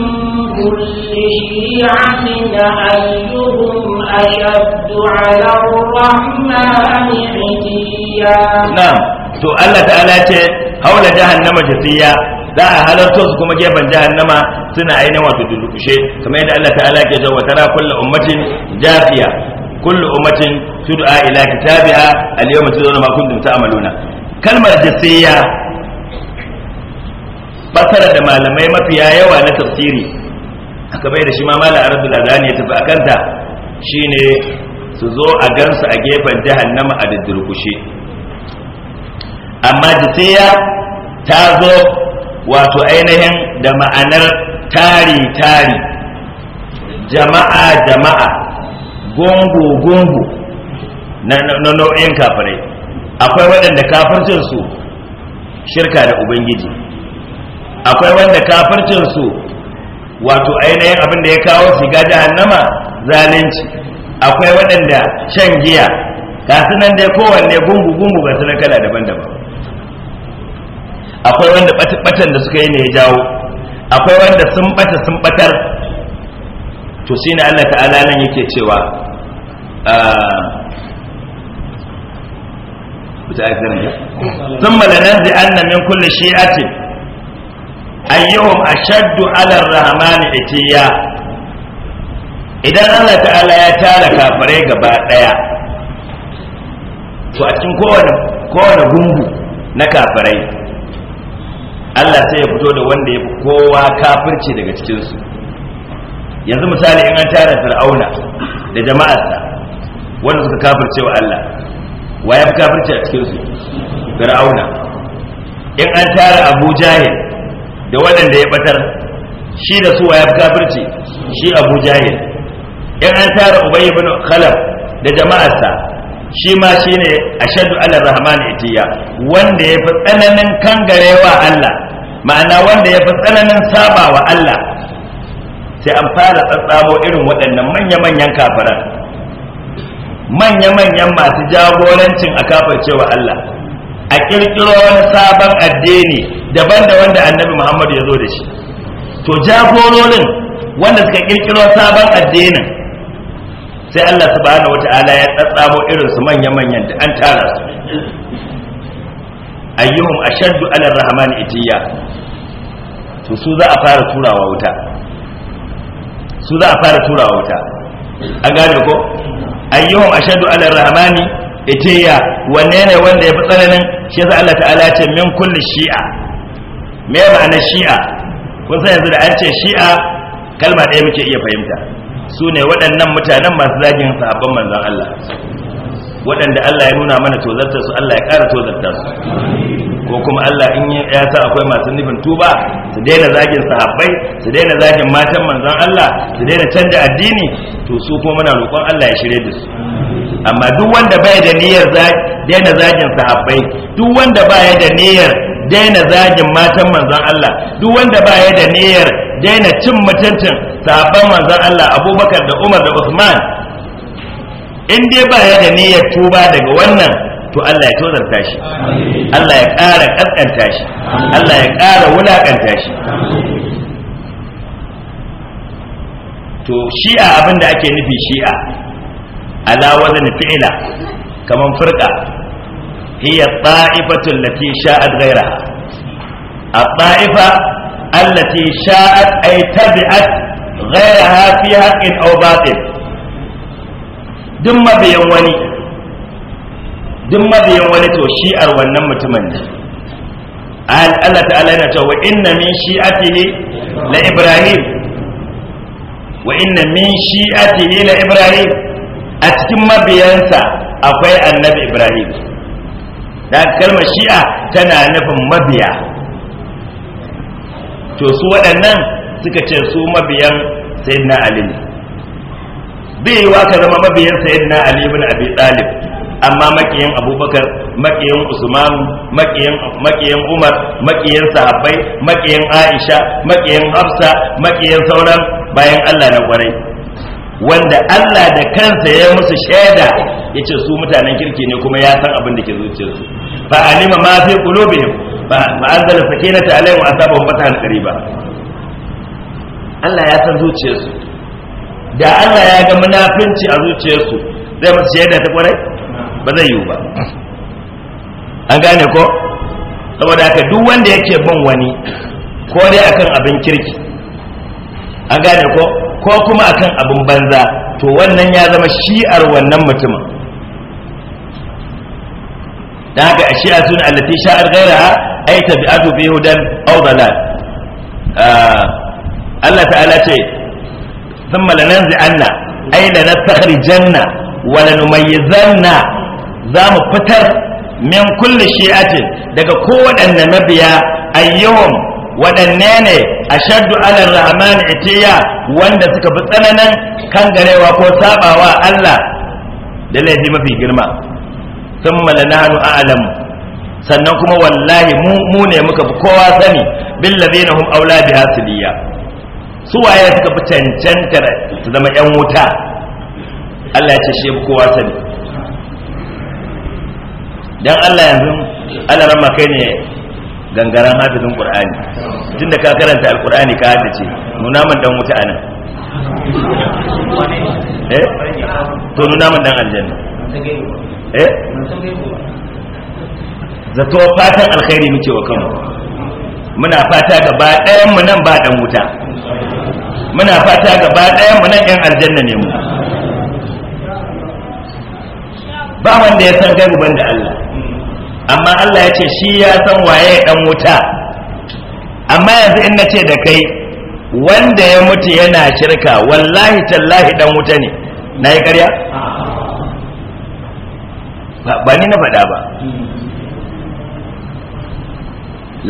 kulli shi'atin ayyuhum ashaddu 'ala ar-rahmani 'itiyya na'am to Allah ta'ala ce haula jahannama jasiya za a halarto su kuma gefen jahannama suna ainihin wato dudukushe kamar yadda Allah ta'ala ke zama wa tara kullu ummatin jafiya kullu ummatin tud'a ila kitabiha al-yawma tujzauna ma kuntum ta'maluna kalmar jasiya fasara da malamai mafiya yawa na tafsiri aka bai da shi ma malam Abdul Lazani ya tafi akan ta shine su zo a gansu a gefen jahannama a dudukushe amma jasiya ta zo wato ainihin da ma'anar tari tari jama'a jama'a gungu gungu na nau'in kafirai akwai waɗanda kafircinsu shirka da ubangiji akwai wanda kafircinsu wato ainihin abin da ya kawo shiga jahannama zalunci akwai waɗanda shan giya ga nan dai kowanne gungu gungu ga su kala daban-daban akwai wanda batan da suka yi ne ya jawo akwai wanda sun bata sun batar to shi ne Allah ta'ala nan yake cewa sun malanar da na min kulle ayyuhum ashaddu ala rahmani itiya idan Allah ta'ala ya tara kafirai gaba daya to a cikin kowane gungu na kafirai Allah sai ya fito da wanda ya fi kowa kafirci daga cikinsu yanzu misali in an tara fir'auna da jama'arsa wanda suka kafirce wa Allah wa ya fi kafirci a cikinsu fir'auna in an tara abu jahil da waɗanda ya batar shi da su wa ya fi kafirci shi abu jahil in an tara ubay ibn khalaf da jama'arsa shi ma shi ne a ala rahman itiya wanda ya fi tsananin kangarewa Allah ma'ana wanda ya fi tsananin saba wa Allah sai an fara tsatsamo irin waɗannan manya-manyan kafiran manya-manyan masu jagorancin a kafar cewa Allah a ƙirƙiro wani sabon addini daban da wanda annabi Muhammadu ya zo da shi to jagororin wanda suka ƙirƙiro sabon addinin sai Allah subhanahu wata'ala ya tsatsamo irin su manya-manyan da an tara su ayyuhum ashaddu ala rahman itiya to su za a fara turawa wuta su za a fara turawa wuta An gane ko ayyuhum ashaddu ala rahman itiya wanne ne wanda ya fi tsananin shi yasa Allah ta'ala ce min kulli shi'a me ma'ana shi'a kun san yanzu da an ce shi'a kalma ɗaya muke iya fahimta su ne waɗannan mutanen masu zagin sahabban manzan Allah waɗanda Allah ya nuna mana tozarta su Allah ya ƙara tozarta su ko kuma Allah in ya sa akwai masu nufin tuba su daina zagin sahabbai su daina zagin matan manzan Allah su daina canja addini to su kuma muna roƙon Allah ya shirye da su amma duk wanda baya da niyyar daina zagin sahabbai duk wanda baya da niyyar daina zagin matan manzon Allah duk wanda baya da niyyar daina cin mutuncin sahabban manzon Allah Abubakar da Umar da Usman, in dai ba ya da niyyar tuba daga wannan to Allah ya tozarta shi Allah ya ƙara ƙasƙanta shi Allah ya ƙara wulaƙanta shi to shi'a abin da ake nufi shi'a ala wazan fi'ila kaman furqa hiya ta'ifatul lati sha'at ghayraha at-ta'ifa allati sha'at ay tabi'at ghairaha fi haqqin aw batil duk mabiyan wani duk mabiyan wani to shi'ar wannan mutumin ne Allah ta'ala yana cewa inna min shi'atihi la ibrahim wa inna min shi'atihi la ibrahim a cikin mabiyansa akwai annabi ibrahim da kalmar shi'a tana nufin mabiya to su waɗannan suka ce su mabiyan sayyidina ali ne bai yi ka zama mabiyan sayyidina ali ibn abi talib amma makiyin abubakar makiyin usman makiyin makiyin umar makiyin sahabbai makiyin aisha makiyin hafsa makiyin sauran bayan allah na kwarai wanda allah da kansa ya musu shaida ya ce su mutanen kirki ne kuma ya san abin da ke zuciyarsu fa alima ma fi qulubihim fa anzala sakinata alaihim asabahum fatahan qariba Allah ya san zuciyarsu da Allah ya ga munafinci a zuciyarsu zai masu shaida ta kwarai ba zai yiwu ba an gane ko saboda haka duk wanda yake bin wani ko dai akan abin kirki an gane ko ko kuma akan abin banza to wannan ya zama shi'ar wannan mutumin da haka a shi'a suna allati sha'ar gairaha ay tabi'atu bi hudan aw dalal ah, Allah ta'ala ce sun malanan anna ai da na janna wala numayyizanna za mu fitar min kulli shi'atin daga kowaɗanne mabiya ayyuhum waɗanne ne a shaddu alar rahman itiya wanda suka fi tsananin kangarewa ko sabawa Allah da laifi mafi girma sun malananu alamu, sannan kuma wallahi mu ne muka fi kowa sani billazina hum aula biha su waye suka fi cancanta su zama yan wuta Allah ya ce shi kowa sani dan Allah yanzu Allah ran kai ne gangaren hadisin Qur'ani tunda ka karanta al Al-Qur'ani ka ce nuna man dan wuta anan eh to nuna man dan aljanna eh zato fatan alkhairi muke wa kanmu muna fata gaba ɗayan mu nan ba dan wuta muna fata gaba ɗaya mu nan ƴan aljanna ne mu ba wanda ya san gaibu da Allah amma Allah ya ce shi ya san waye dan wuta amma yanzu in na ce da kai wanda ya mutu yana shirka wallahi tallahi dan wuta ne na ƙarya ba ni na faɗa ba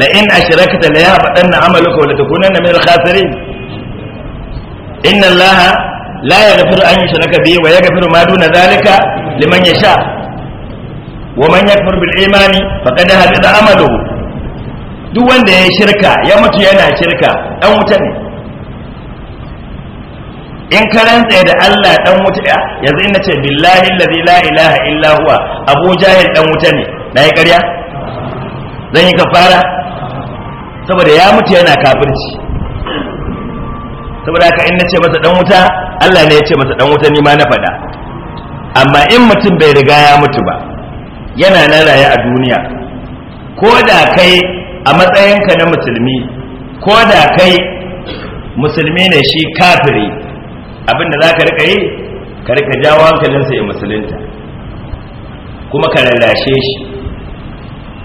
la'in ashrakta la ya faɗan na amaluka wa la takunanna min al-khasirin inna allaha la yaghfiru an yushraka bihi wa yaghfiru ma duna dhalika liman yasha wa man yakfur bil imani faqad haqada amaluhu duk wanda ya shirka ya mutu yana shirka dan wuta ne in ka rantsa da Allah dan wuta yanzu ina ce billahi allazi la ilaha illa huwa abu jahil dan wuta ne na yi ƙarya zan yi kafara saboda ya mutu yana kafirci saboda haka in nace masa dan wuta Allah ne ya ce masa dan wuta ni ma na faɗa amma in mutum bai riga ya mutu ba yana nan raye a duniya ko da kai a matsayinka na musulmi ko da kai musulmi ne shi kafiri abinda za ka rika yi ka rika jawo hankalinsa ya musulunta kuma ka rallashe shi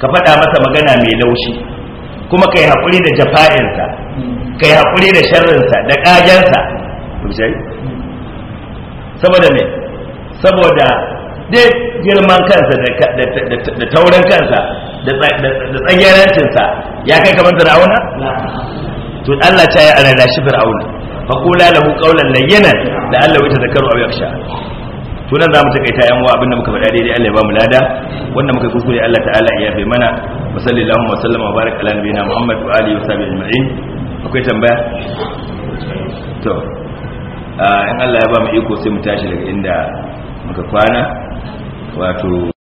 ka faɗa masa magana mai laushi kuma kai haƙuri da jafa'insa kai haƙuri da sharrinsa da ƙagensa saboda me saboda girman kansa da taurin kansa da tsagerancinsa ya kai kamar fir'auna to Allah ta yi a rarrashi fir'auna fa kula lahu qawlan layyinan da Allah ya zakaru aw yaksha sunan za mu takaita yan uwa abinda muka faɗa daidai Allah ya ba mu lada wanda muka kuskure Allah ta'ala ya yafe mana wa sallallahu wa sallama wa baraka ala nabiyina Muhammad wa alihi wa sahbihi ajma'in akwai tambaya to ah, in Allah ya ba mu iko sai mu tashi daga inda muka kwana wato